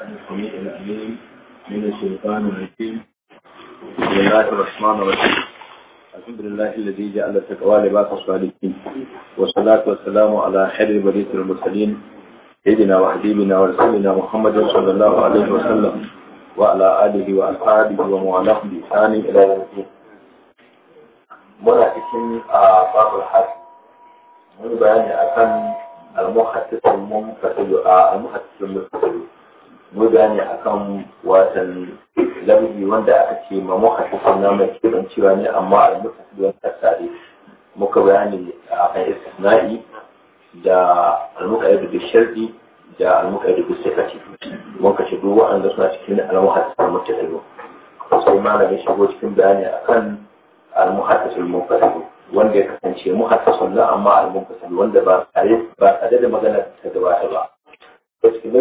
من الشيطان الرجيم بسم الله الرحمن الرحيم الحمد لله الذي جعل تقوى لباس الصالحين والصلاة والسلام على خير بريد المرسلين سيدنا وحبيبنا ورسولنا محمد صلى الله عليه وسلم وعلى آله وأصحابه وموالاهم بإحسان إلى يوم الدين muna cikin a babul hajj mun bayani akan al-muhaddisul Mun magani akan watan lamji wanda aka ce ma muka tattauna mai kiran cewa ne amma a muka wani tasari muka bayani a kan istisna'i da almuƙayyar da sharɗi da almuƙayyar da sifati muka ce duk waɗanda suna cikin almuhaddisar mutasilu sai malamin shigo cikin bayani akan almuhaddisar mutasilu wanda ya kasance muhaddisun na amma almuhaddisar wanda ba tare da maganar ta gabata ba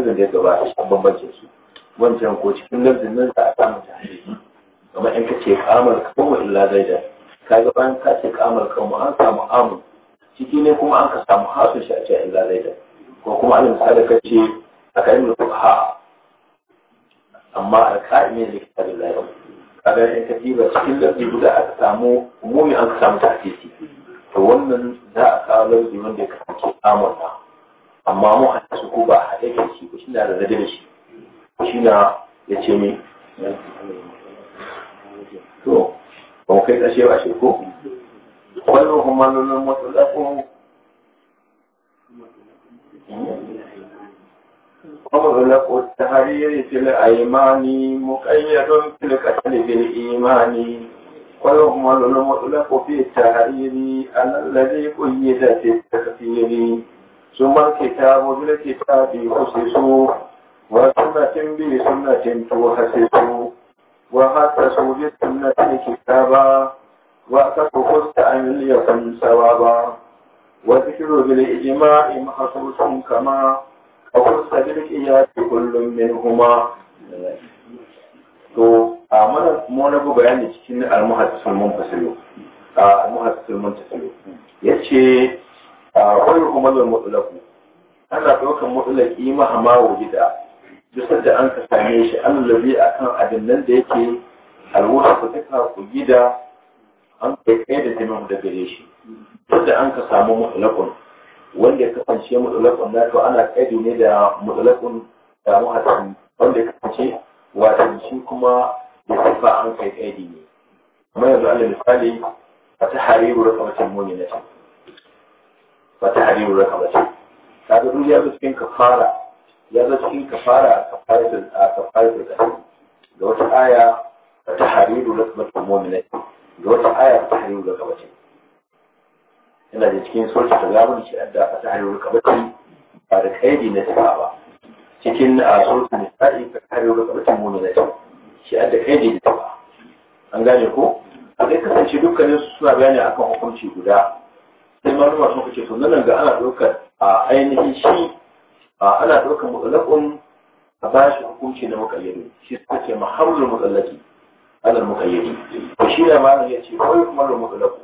lafzin da ya gabata a bambancin su wancan ko cikin lafzin nan za a samu ta yi kamar in ka ce kamar kawai illa zaida ka ga bayan ka ce kamar kawai an samu amu ciki ne kuma an ka samu hasu shi a ce illa zaida ko kuma an misali ka ce a kan yi ha amma alƙa'imi ne ka da lafiya kaga in ka diba cikin lafzi guda aka samu umumi an ka samu ta hadisi to wannan za a kawo da wanda ya kasance amurna amma mu a su ko ba a haɗe da shi ko shi na da da shi shi na ya ce mi to ba mu kai ƙashe ba shi ko wannan kuma nan mutu da ko ومغلق التحرير في الأيمان مقيد في القتل بالإيمان a المطلق ko yi على ce ta في ne sun marketa mobilaketa bi kusa su wa sunnatin bi sunnatin to hase su wa hatta su bi sunnatin Ba wa ta kusta an liyakun sawaba wa zikru bil ijma'i mahsusun kama a kusa bil qiyasi kullum minhuma to a mana mu na bayani cikin al-muhaddisul munfasil al-muhaddisul munfasil yace a wani umarar mutsulaku ana ɗaukar mutsulaki mahama wa gida duk da an ka same shi an lalabe a kan abin nan da yake alwuha ku ta ku gida an kai kai da jami'u da gare shi duk da an ka samu mutsulakun wanda ya kasance mutsulakun na to ana kai ne da mutsulakun da muhassin wanda ya kasance wato shi kuma ya sifa an kai kai ne kamar yanzu alal misali a ta hariru da kamar na ce wata ta harimu raka ba ce kaga duk ya zo cikin kafara ya zo cikin kafara a kafaratul a kafaratul da wata aya ba ta harimu raka ba ta mu'minai da wata aya ba ta harimu raka ba ce yana da cikin sulci ta zamu ke adda ba ta harimu raka ba ce ba da kaidi na sifa ba cikin a sulhu ne sai ka harimu raka ba ta mominai shi adda kaidi na sifa an gane ko a kai kasance dukkanin su suna bayani akan hukunci guda sai malama sun kace to nan ga ana ɗaukar a ainihin shi ana ɗaukar mutsalakun a bashi hukunci na muƙayyadi shi suka ce maharul mutsalaki alal muƙayyadi to shi da malam ya ce wai kuma da mutsalaku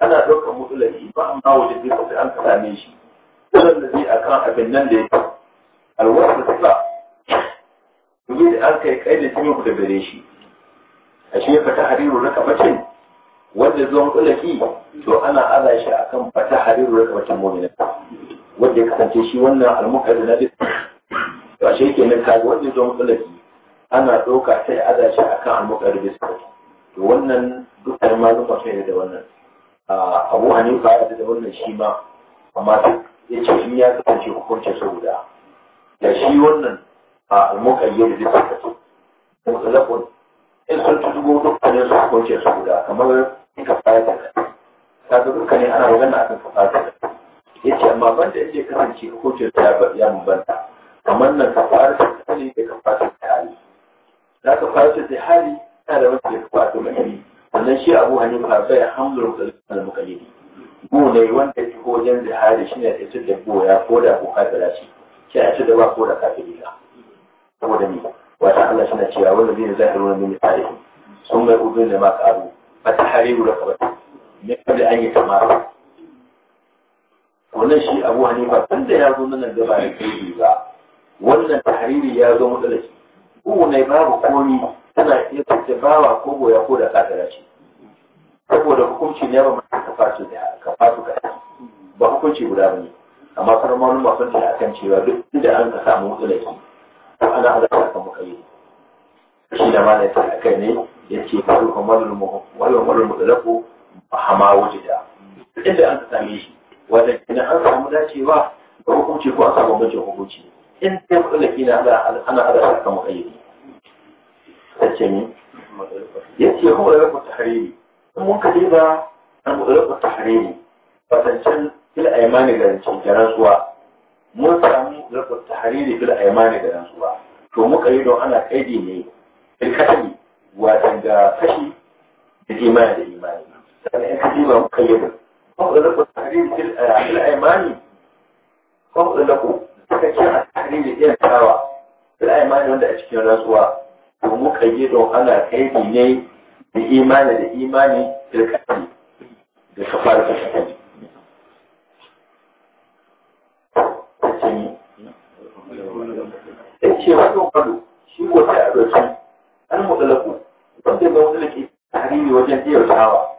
ana ɗaukar mutsalaki ba amma wajen zai sai an same shi wannan da zai kan abin nan da ya ce alwasa suka yi da an kai kai da timin ku da gare shi a shi ya fata hariru na kamacin wanda zuwan kulaki to ana aza shi akan fata hariru da wata mu'minin wanda ya kasance shi wannan almukar da na duk to ke kenan kaga wanda zuwan kulaki ana ɗauka sai aza shi akan almuqaddim to wannan dukkan malumma sai da wannan abu hanifa ya da wannan shi ma amma ya ce in ya kasance hukuncin saboda da shi wannan a almuƙayyar da suka ce mutlaqun in sun tudugo dukkanin su hukuncin saboda kamar in ka fara da ga duka ne ana magana akan ka fara da ya ce amma ban da yake kasance hukuncin ta ya bambanta kamar nan ka fara da hali da ka fara da hali za ka fara da hali ta da wata ya fara da magani wannan shi abu hanifa bai hamlul kalmar mukalidi bu ne wanda ya ko wajen jihadi shi ne da da boya ko da ko kafira shi shi a ci da ba ko da kafiri ka saboda ni wata Allah shi na cewa wanda zai zahiri wani misali sun mai ubin da ma karu Ba ta فتحرير رقبته من قبل ta يتمارس wannan shi abu hanifa tun da ya zo nan da ba da kai ba wannan tahriri ya zo mutala shi ko ne babu komi tana iya tace bawa ko goya ko da kadara ce saboda hukunci ne ba mai kafatu da kafatu ka ba hukunci guda bane amma kuma malum ba sun da akan cewa duk inda an ka samu mutala shi to ana hada ka kan mukayyidi shi da malai ta akai ne yace wal amalul muhaq wal amalul mutlaq hama wajida inda an same shi wanda idan an samu dacewa da hukunci ko an samu bambancin hukunci in dai mutlaki na ana ni yace tahrimi in mun kaje ba an tahrimi fil aymani da cikin mun samu tahrimi fil aymani da rantsuwa to mukayyidon ana kaidi ne fil Waɗanda da kashi da imani da imani sannan in kashi muka yi ba kuma da ku tahrir al-aymani eh, kuma da ku suka ce a tahrir da iya tawa al-aymani wanda a cikin rantsuwa to muka yi don ana kai ne da imani da imani da kashi da kafara ta kashi ce wani kwado shi ko a ɗauki an mutsalaku wanda ga wani lake tahriri wajen jiyar tawa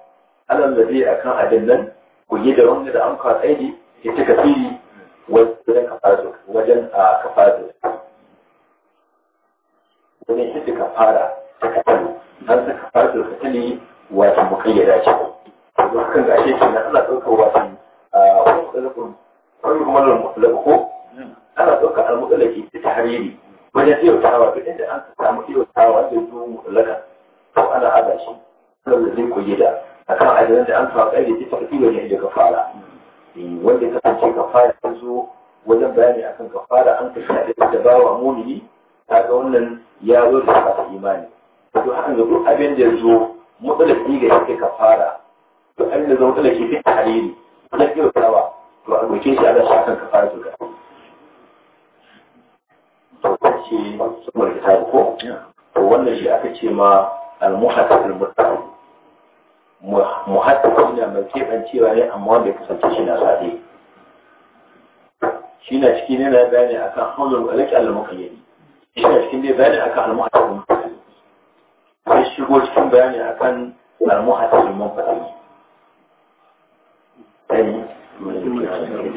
alal da zai akan abin nan ku yi da wanda da an kwa tsaidi ya ci kafiri wajen kafazu wajen a kafazu wani shi ta kafara ta kafaru an ta kafazu ka tali wato mukayyada ce to hakan ga shi kenan ana ɗaukar wato wani kuma lalmutlaqo ana ɗaukar al-mutsuɗin almutlaqi ta tarihi, wajen jiyar tawa duk inda an samu jiyar tawa da zuwa mutlaqan to ana hada shi kan zai ku gida akan ajiyar da an samu ƙari ta tafi wajen da fara. wanda ya ka fara, ta zo wajen bayani akan ka fara an kashe da wa mumini ta ga wannan ya zo da fata imani to hakan ga duk abin da ya zo mutsalaki ga ka fara. to abin da zo mutsalaki fi tahriri na kyautawa to a doke shi ana shakan kafara to ga to ce saboda ta ko to wannan shi aka ce ma المحدث المتصل muhaddis shine mai keɓancewa ne amma wanda ya kasance shi na sade shi na cikin yana bayani a kan haunar alaƙi al-muƙayyari shi na cikin dai bayani a kan al-muhaddis sai shigo cikin bayani a kan al-muhaddis al-muƙayyari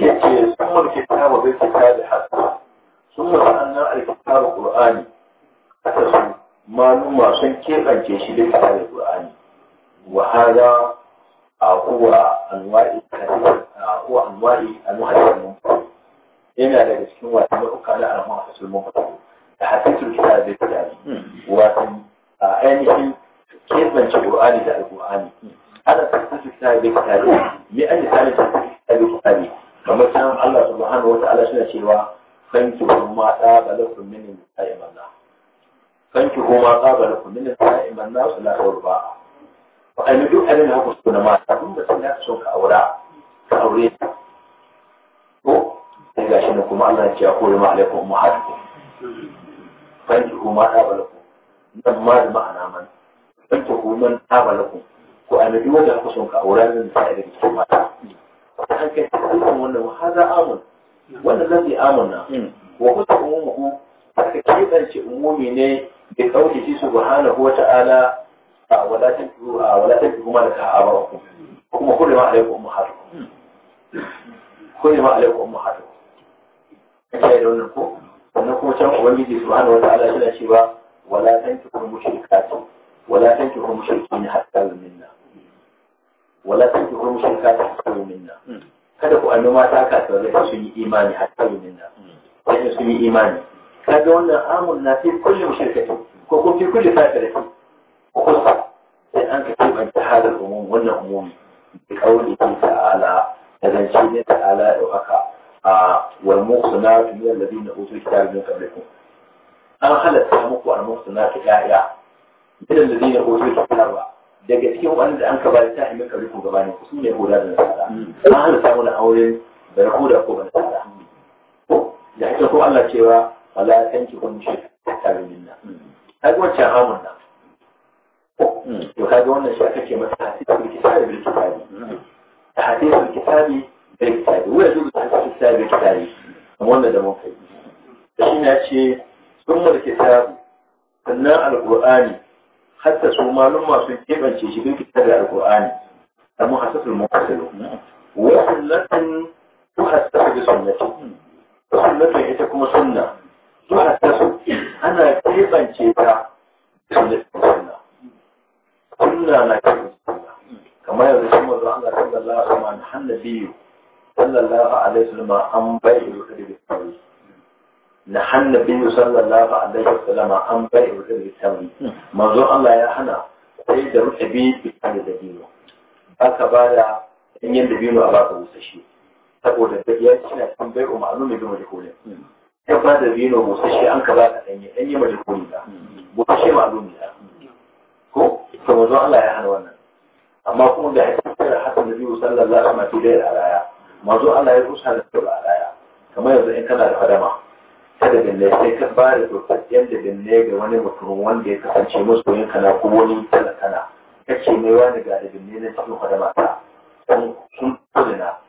ya ce sun mulki kitabu bai kitabu hasu sun mulki annan al-kitabu qur'ani a tasu maluma sun keɓance shi da kare Qur'ani wa hada huwa anwa'i huwa anwa'i al-muhaddith yana daga cikin wasu nau'uka na al-muhaddith al-muhaddith da hadisul kitab da kitabi hmm. wato ainihin keɓance Qur'ani da al-Qur'ani ana hadisul kitab da kitabi me an yi hadisul kitab da kitabi kamar san Allah cewa fanki wa ma da balakum sanki kuma tsaba da kullum da iman nasu la kawar ba a ainihin duk abin da haka su na mata kun da sun yasa son ka aura ka aure ta ko sai gashi ne kuma Allah ya kore ma alaikum ummahat sanki kuma tsaba da ku nan ma da ma'ana man sanki kuma tsaba da ku ko ainihin duk wanda haka son ka aura zan sa irin cikin mata an kai cikin wannan wahaza amun wannan lafi amunna hmm. wa kusa mu ku? umumu aka kebance umumi ne bi su subhanahu ko ta'ala wala a wala tadru ma laka abakum kuma kullu ma alaykum ummahatukum kullu ma alaykum a kai da wannan ko sannan kuma can su subhanahu wa ta'ala yana cewa wala wala tankihu mushrikin hatta wala hatta hmm. kada ku annu mata kafirai sun yi imani hatta minna hmm. sun yi imani kaga wannan amun na fi kullum shirkatu. ko kuma fi kulli fa'ilati ko kuma sai an kace ban ta hada umum wannan umum bi qawli ta'ala da zance ne ta'ala da haka a wal muhsanatu min alladhina utul kitaba min qablikum an halatta muku al muhsanatu ya'ya min alladhina utul kitaba daga cikin wanda an ka bayar ta himin kabilu gabanin ku su ne huda da nasara an halatta mana aure, da huda ko ban nasara da haka ko Allah cewa ولا تنكحوا حتى يؤمننا هذا هو التعامل وهذا هو الشيء كما تحديث الكتاب بالكتاب تحديث الكتاب بالكتاب هو ويجوز تحديث الكتاب بالكتاب وانا ده ممكن شيء شيء ثم الكتاب sannan alkur'ani hatta su malum masu keɓance shi bin fitar da alkur'ani a muhassasul muhassilu wa sunnatin muhassasa bi sunnati hmm. sunnatin ita kuma sunna zuwa ta su ana keɓance ta sunna sunna na keɓance sunna kamar yanzu shi mazu Allah sallallahu alaihi wasallam hannabi sallallahu alaihi wasallam an bayyana ta da sunna na biyu sallallahu alaihi wasallam an bai bayyana ta da sunna manzo Allah ya hana sai da rufe biyu bi da dabino aka bada ɗanyen biyu a baka wusa shi saboda da ya ci na kan bai'u ma'lumi bi majhulin ya ba da bino busasshe an ka ba ka danye danye ba da koyi ba busasshe ma abin da ko to manzo Allah ya hana wannan amma kuma da hadisin da biyu, sallallahu alaihi wasallam to da alaya mazo Allah ya rusa da tura alaya kamar yanzu in kana da fadama kada binne sai ka ba da tsofaffin da binne ga wani mutum wanda ya kasance yin kana ko wani talakana kace mai wani ga da binne na cikin fadama ta sun kudina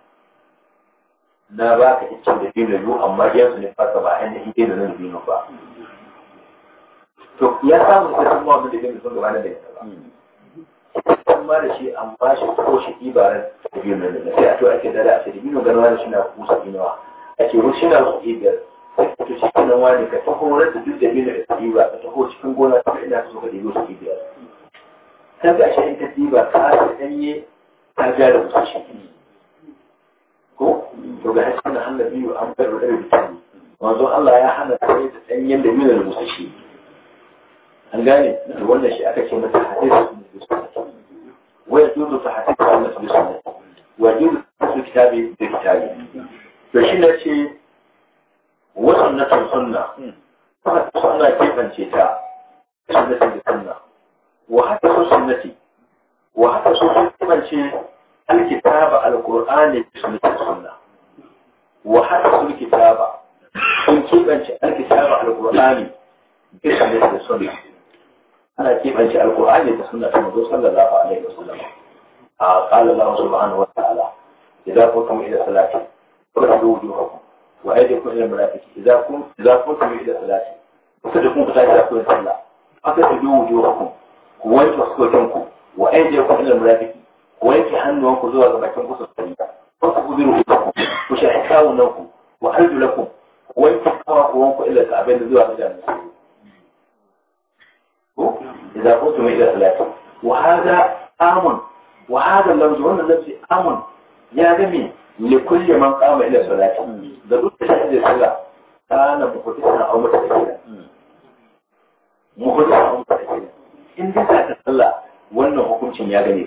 na ba ka iccen da biyu da biyu amma yanzu ne fasa ba yan da ike da biyu ba to ya samu sai sun mawa da biyu sun gaba da da ita ba kan ma da shi an ba shi ko shi ibaran da biyu da nan sai a to ake dada a sai biyu ganin wani shi na kusa inawa ake wasu shi na kuɗi biyar to shi ke nan wani ka taho wurin da duk da biyu da biyu ba ka taho cikin gona ta ina so ka ɗigo su biyar kan ga shi in ka ɗiba ka ɗanye ja da musu shi to ga shi na hana biyu an bar da rubutu manzo Allah ya hana sai da danyen da mina da musashi an gane to wannan shi aka ce mata hadisi wa yajuzu tahadith al-masjid wa yajuzu tahadith kitabi da kitabi to shi ne ce wannan na sunna sunna ke bance ta sunnati da sunna wa hatta sunnati wa hatta sunnati bance الكتاب القرآن بسنة السنة وحدثوا الكتابة كنتم أنت الكتابة على القرآن بسم السنة أنا كيف أنت القرآن بسنة الموضوع صلى الله عليه وسلم آه، قال الله سبحانه وتعالى إذا قمتم إلى صلاة فردوا وجوهكم وأيديكم إلى الملائكة إذا قمتم إذا قمتم إلى صلاة فصدقوا بصلاة إذا كنتم صلاة وجوهكم وأنتم أسكتنكم وأيديكم إلى الملائكة وأنتم حنوانكم زوال مكانكم صلى الله عليه وسلم فصدقوا برؤوسكم ku shi ku wa harju lakum wai ku kawo ku wanku illa ta abin da zuwa ga jami'a ko idza kuntum ila salati wa hada amun wa hada lafzu wannan lafzi amun ya ga me li kulli man qama ila salati da duk da shi da sallah kana muhdisa aw mutakallima muhdisa aw mutakallima in dai ka sallah wannan hukuncin ya gane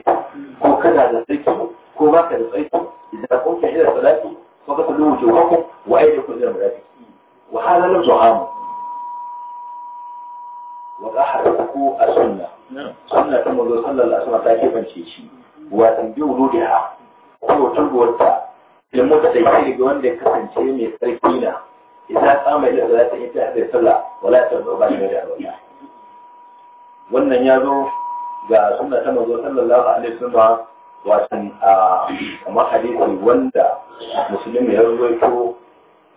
ko kana da tsarki ko baka da tsarki idan kun ka ila salati فقتلوا وجوهكم وأيديكم إلى المرافق وهذا لم زعامه وأحرقوا السنة سنة النبي صلى الله عليه وسلم تاكيفا شيشي وتنبيه ولودها وتنبوتها المتدخل بوند كسن شيء من التركينة إذا قام إلى صلاة إنتهى بالصلاة ولا تبدأ بعد غير الولاء wannan ya zo ga sunna ta manzo sallallahu alaihi wasallam watan kamar hadisi wanda musulmi ya rawaito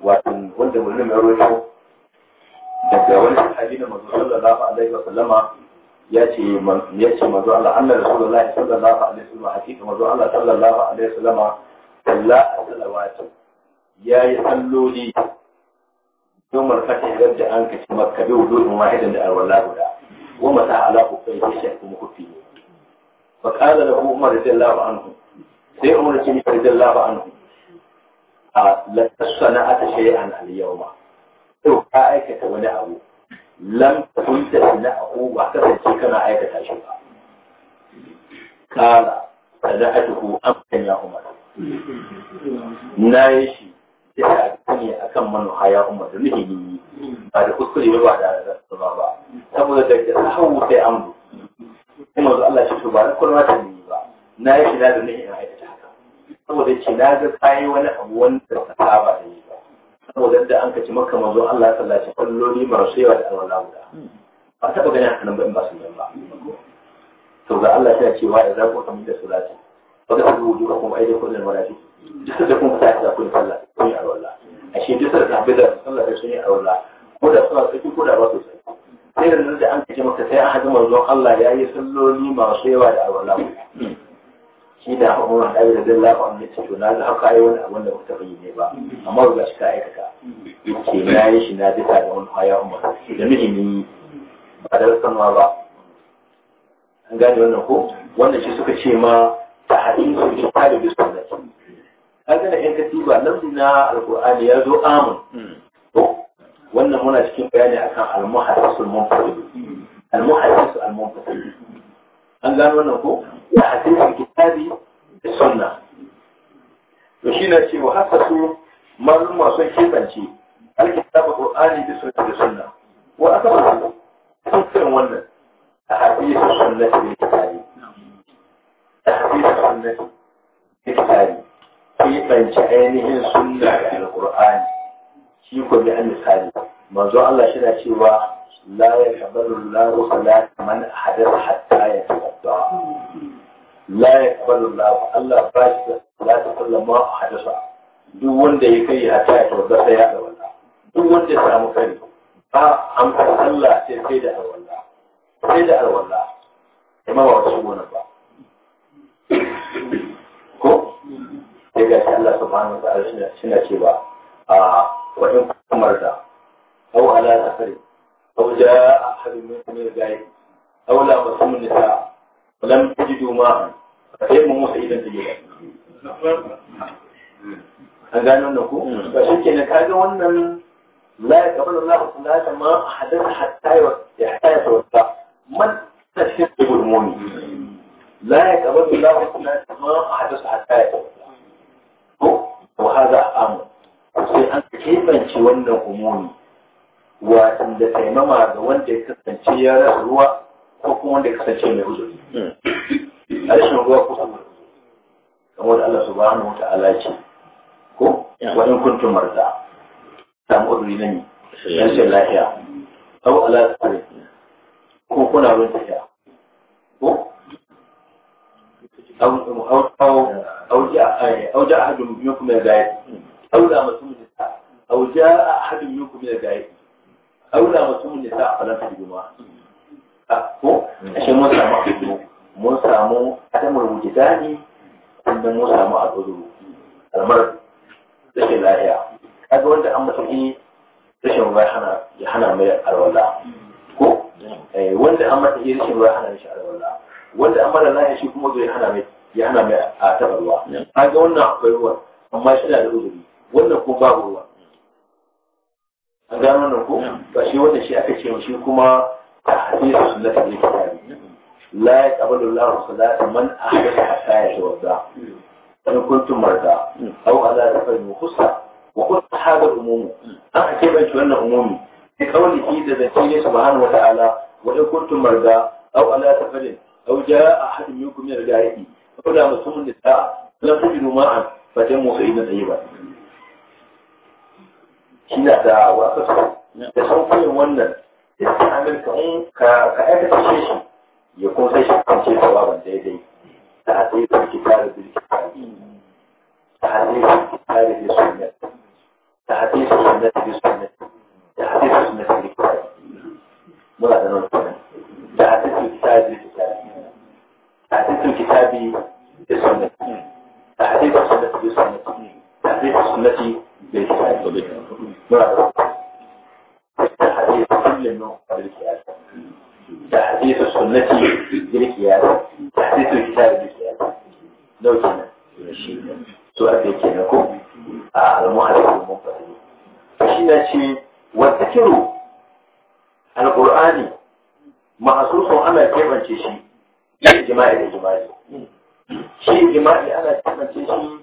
watan wanda musulmi ya rawaito daga wani sahabi da manzo sallallahu alaihi wasallama ya ce ya ce manzo Allah anna rasulullahi sallallahu alaihi wa sallama. wasallam hakika manzo Allah sallallahu alaihi sallama, salla salawati ya yi salloli yawmar fatih da an kace makka bi wudu'in wahidan da alwala guda wa mata ala kufai shi kuma kufi fa qala lahu umar radiyallahu anhu sai umar ce ni radiyallahu anhu a la tasna'ata shay'an al-yawma to ka aikata wani abu lam kunta sana'ahu ba kasance kana aikata shi ba kala sana'atuhu amkan umar na yi shi da a kan manoha ya umar da nufin yi ba da kuskure ba da rasa ba saboda da ta hau sai an sai manzo Allah ce to ba na kullum ta nemi ba na yi shiga da nihin aikata haka saboda ce na ga kai wani abu wanda ba saba da yi ba saboda da an kaci maka manzo Allah sallallahu alaihi kalloli marasu yawa da alwala guda ba taɓa ganin haka nan ba in ba su ba to ga Allah ta cewa idan ku kamar da salati fa da ku duka kuma aidin ku da malaki duk da kun yi da kun sallah kun yi alwala A shi duk da tabbata sallah sai sun yi alwala ko da suna tsaki ko da ba su tsaki Sai da an kaji maka sai an haɗu zuwa Allah ya yi salloli masu yawa da awala shi na haɗu wani ɗaya da dalla ba wani to na ga haka yi wani abin da mutum ne ba amma ba shi ka aikata ke na yi shi na duka da wani haya umar da muhimmi ba da sanwa ba an gane wannan ko wannan shi suka ce ma ta haɗin su ne ta da bisu da ke an gane yan katiba nan na alƙur'ani ya zo amin wannan muna cikin bayani akan al-muhaddisul munfasil al-muhaddisul al-munfasil an gano wannan ko ya hadisi kitabi da sunna to shi na ce wa hasasu maluma sun kebance al-kitabu qur'ani da sunna da sunna wa asabu sun kiran wannan a hadisi sunnati da kitabi a hadisi sunnati da kitabi kebance ainihin sunna da al-qur'ani shi ko bi misali manzo Allah shi na cewa la ya kabalu la rusala man hadar hatta ya tawadda la ya kabalu la Allah ba shi la ta ma hadasa duk wanda ya kai hatta ya tawadda sai ya tawadda duk wanda ya samu kai ba an amsa Allah sai sai da alwala sai da alwala amma ba wasu gona ba ko sai ga Allah subhanahu wa ta'ala shi na cewa a ah, wajen kamar da أو على نفر أو جاء أحد من إلى ذلك أو لا بصم النساء ولم تجدوا ماء فتيم مسعيدا تجدا أقالوا أنه فشك أنك هذا وأن لا يقبل الله صلى الله ما أحد حتى يحتاج وقت من تشك بالمؤمن لا يقبل الله صلى الله ما أحد حتى يتوقع وهذا أمر أنت كيف أنت وأنه مؤمن watan taimama ga wanda ya kasance ya rasa ruwa ko kuma wanda ya kasance mai uzuri hmm. rashin ruwa ko kuma kamar da Allah subhanahu wa ta'ala ce ko wa in kuntum marza samu uzuri ne rashin lafiya aw ala tsare ko kuna ruwan tafiya ko أو أو أو أو جاء أو جاء أحد منكم من da أو لا مسؤول أو جاء أحد منكم من aula mutum ne nisa a falanta da A ah, ko ashe mun samu abu mun samu adamar wujidani sannan mun samu al'udu almar rashin lafiya kaga wanda an matsayi rashin ruwa ya hana mai alwala ko eh, wanda an matsayi rashin ruwa hana shi alwala wanda an mara lafiya shi kuma zai hana mai ya hana mai a taɓa ruwa kaga wannan akwai ruwa amma shi na da uzuri wannan ko babu ruwa a gano na ko ba shi wanda shi aka ce shi kuma a hadisu sunnata ne kitabi la yaqbalu Allahu salata man ahdatha hatta yatawadda in kuntum marda aw ala safarin khussa wa qul hada umum aka ce ban wannan umumi bi qawlihi da zance ne subhanahu wa ta'ala wa in kuntum marda aw ala safarin aw jaa ahadun minkum min al-ghaibi aw da mutumin da ta lam tajidu ma'an fatamu sayyidan tayyiban shi da wasu da sauƙin wannan istihamil ka in ka aikata shi ya kuma sai shi kan ce ban daidai ta hadai da ki tare da ta hadai da ki tare da sunnat ta hadai da sunnat da sunnat ta hadai da sunnat da kitab mura da nan kuma ta hadai da kitab da kitab ta hadai da kitab da sunnat ta hadai da sunnat da sunnat ta hadai da بالاستعادة ده حديث كل النوع بالاستعادة تحديث السنة بالاستعادة تحديث الكتاب بالاستعادة لو كنا سؤال بيكينكم على محرك المنفذين فشينا شيء والذكر القرآني محصوص أنا كيف شيء الجماعي الجماعي شيء جماعي أنا كيف شيء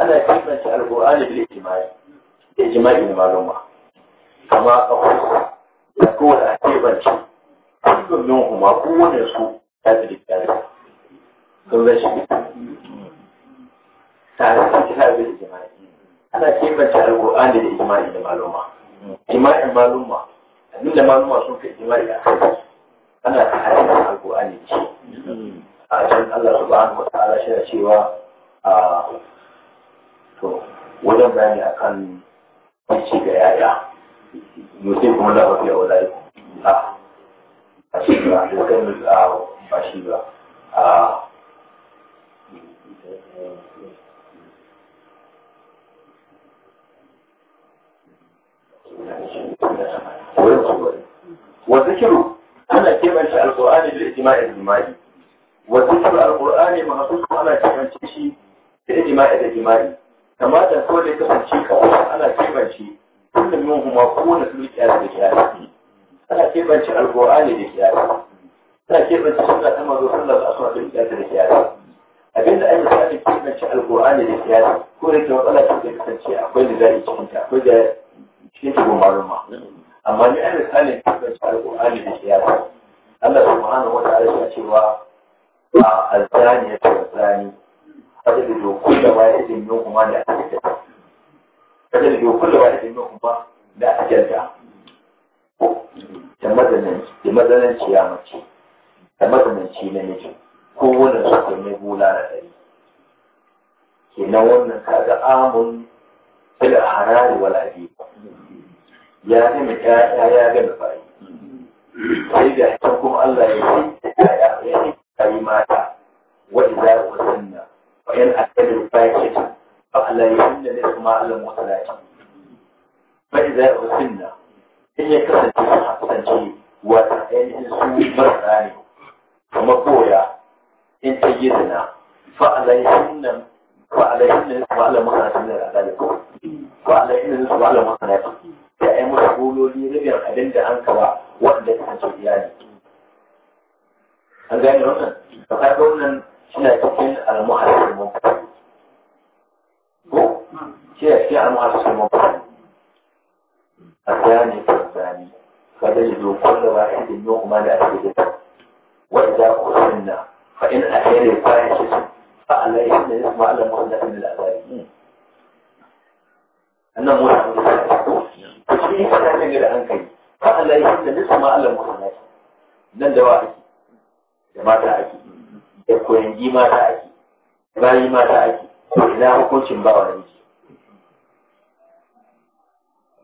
أنا كيف القرآن بالإجماعي da jima'in maluma kama a kusa da kowane a kebanci kullum min kuma kowane su ya fi dikkan sun zai shi tare da kitabin jima'i ana kebance alƙur'ani da jima'i da malumma. maluma jima'in maluma abinda malumma sun fi jima'i a kai ana tare da alƙur'ani da shi a can Allah subhanahu wa ta'ala shi cewa a ah, to wajen bayani akan ci ga yaya yosai kuma da yau? a da kan ba shi ba a وذكر أنا كيف أنشأ القرآن بالإجماع الإجماعي وذكر القرآن كيف أنشأ الإجماع الإجماعي kama da so da ya kasance kawai ana kebance kullum min huma kowane su kiyar da kiyasi ana kebance alqur'ani da kiyasi ana kebance sunna ta mazo sallar aswa da kiyasi da kiyasi abinda ai misali kebance alqur'ani da kiyasi ko da ke matsala ce da kasance akwai da zai cikin ta akwai da cikin ta gomarun ma amma ni ai misali kebance alqur'ani da kiyasi Allah subhanahu wa ta'ala ya cewa a azzani ya ce azzani fadda da dokun da ba ya izin yin kuma da فاجلدوا كل واحد منهما لا ba da mazananci ya mace da mazananci na miji ko wannan suke ne gula da ɗari na wannan kaga amun bil harari wa adib ya ne mai ya ya ga da bai sai da ta kuma Allah ya yi ya ya yi mata a idza wasanna wa 'yan akal fa'ishatu فلا يحل لكم على المتلاعب فإذا أرسلنا إن يكسر تسعة وتعين سوء مرآني ومقويا إن تجدنا فعليهن فعليهن نسب على مصنعتنا ذلك فعليهن نسب على مصنعتنا يا أمس قولوا لي ربيع أبن دعنك وأنك تجدني an gane wannan da ka ga wannan shi na cikin al-muhasib shi a cikin al'amma su mabani a zane ta zane kada yi dokon da ba a yi kuma da ake Wani wadda ku na. fa in a kai da bayan shi fa Allah ya yi isma Allah mu da min al'azari annan mu da mu da ku shi ka da ne da an kai fa Allah ya yi isma Allah mu da nan da wa ake da mata ake da koyan mata ake bayi mata ake ina hukuncin ba wa namiji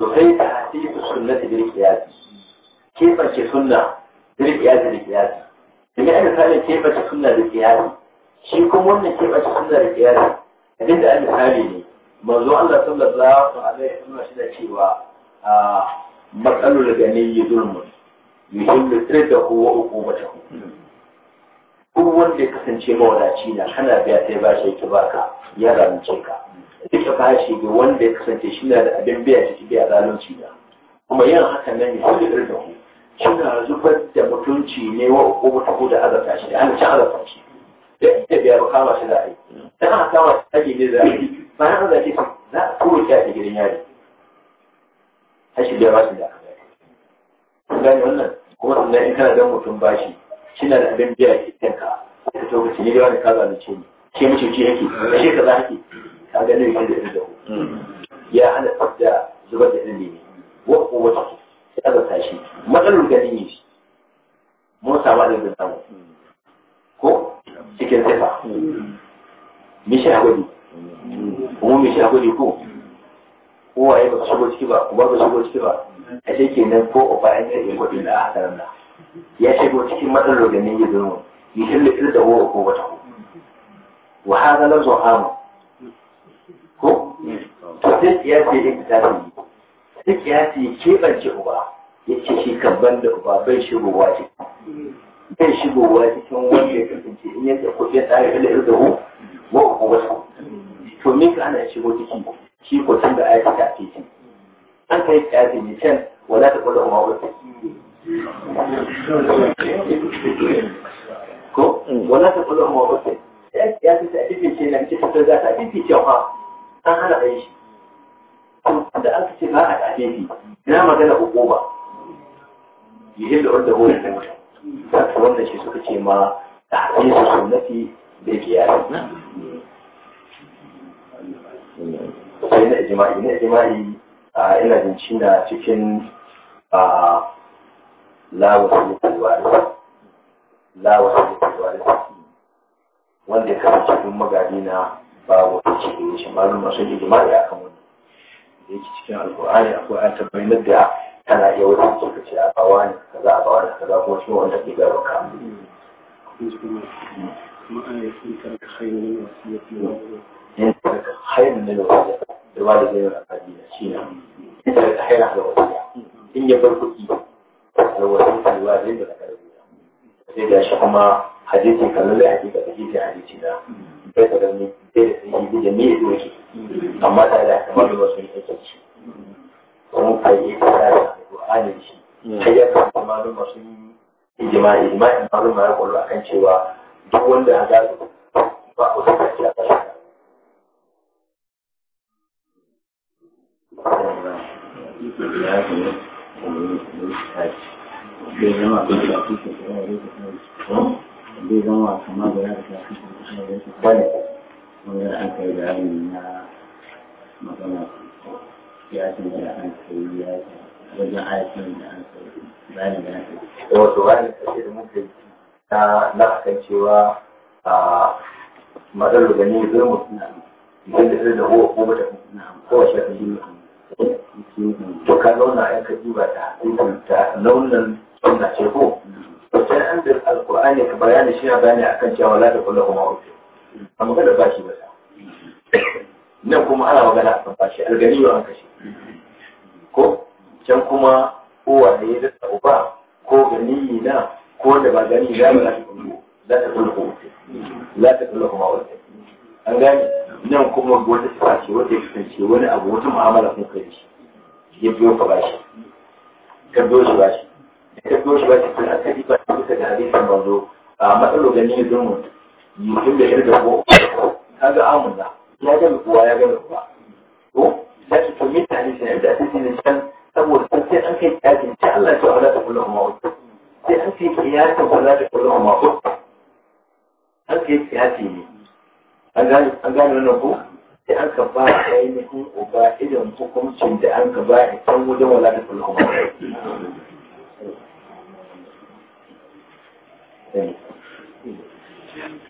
to sai ta hadisu sunnati bil qiyas kebace sunna bil qiyas bil qiyas kuma an misali kebace sunna bil qiyas shi kuma wannan kebace sunna bil qiyas abinda an misali ne manzo Allah sallallahu alaihi wasallam shi da cewa a matsalul ganiyyi zulmun yuhillu sirdahu wa uqubatahu duk wanda ya kasance mawadaci na kana biya sai ba shi ki baka ya ramce ka rika bashi ga wanda ya kasance shi na da abin biya ciki biya zalunci da kuma yin hakan nan ya su da ku shi na zubar da mutunci ne wa uku da azabta shi da an ci azabta shi da ita biya ba kama shi za a yi dan aka kama shi ake ne za a yi bayan an zace za a kuro shi ta gidan yari hashi biya ba su da aka zace Gani wannan kuma sannan in kana dan mutum bashi shi na da abin biya cikin ka ka tauka ci ne da wani kaza da ce ne ke mace ce yake za a yake ka ga nan da inda ya hana fadda zubar da ilimi wa wata sai aka tashi matsalar gani ne mun samu da zan ko cikin sifa mishi hakuri kuma mishi hakuri ko kowaye ba su shigo ciki ba kuma ba su shigo ciki ba a ce kenan ko a bayan ne ya kwaɗi na a hasarar da. ya shigo cikin matsalar ganin ya zama yi shi da da ko wata ko wa hada na zuwa sai kiyasi ta tafi sai kiyasi ya keɓance uba ya shi da uba bai shigowa bai shigowa cikin wanda ya kasance in ya da wa uku wasu to ka ana shigo ciki shi da ta fi an kai ne can wala ta kwada uba ko wala ta kwada uba ya ta ce na kisa ta za ta ake ce an hana ɗan shi da aka ce ba a tafe shi ina magana uku ba yi da wanda wani da mutum za su wanda shi suka ce ma tafe su sunnati da biyar sai na ijima'i na ijima'i a ina jinci na cikin a lawasu kalwari lawasu kalwari wanda ya kasance dun magani na ba wata cikin shi malum masu ijima'i kan wani da yake cikin alkur'ani akwai ayatul bayyinat da tana iya wajen suka ce a bawa ne kaza a bawa ne kaza kuma shi wanda ke gaba ka in taraka yi akadi da shi ne in ya bar kuɗi wasu kalwa zai da sai da shi kuma hadisi kallon da hakika da hadisi hadisi bai da sai da sun ya da amma da da kamar da hmm. sun yi shi kuma kai yi ta da shi sai ya kama malum sun ijma'i ijma'i malum ya kullu akan cewa duk wanda ya gado ba ku da kaci a kashi hmm? Bai zama kama da ya da ya ko da aka yi bayani na magana ya san da an kai ya wajen aikin da an kai bayanin da an kai. Da wato bayanin da ke da ta na lafakan cewa a matsalar da ne zai mutu idan da zai da huwa ko bata kowace ta yi to ka zauna yan ka duba ta ta launin suna ce ko mm. to an da alkur'ani ka bayani shi na bayani akan cewa la ta kuma uku a magana ba shi masa nan kuma ana magana a ba shi algani an kashe ko can kuma uwa ne ya dasa uba ko gani na ko da ba gani na ba za ta kula ko wuce za ta kula kuma wuce an gani. nan kuma wata sifa ce wata ya kasance wani abu wata mu'amala kun kai shi ya biyo ka bashi ka biyo shi bashi ka biyo shi bashi kun akadi ba ta kusa da hadisin manzo a matsalar gani ya zo mutum mutum da yarda ko ka ga ya ga kuwa ya ga kuwa to ya ce to mutane sai da su ne saboda sai an kai yakin sai Allah ya wala da kullum ma sai an kai kiyasin wala da kullum ma an kai kiyasi ne an gane an gane wannan ko sai an ka ba ainihin uba irin hukuncin da an ka ba a can wajen wala da kullum ma Thank you.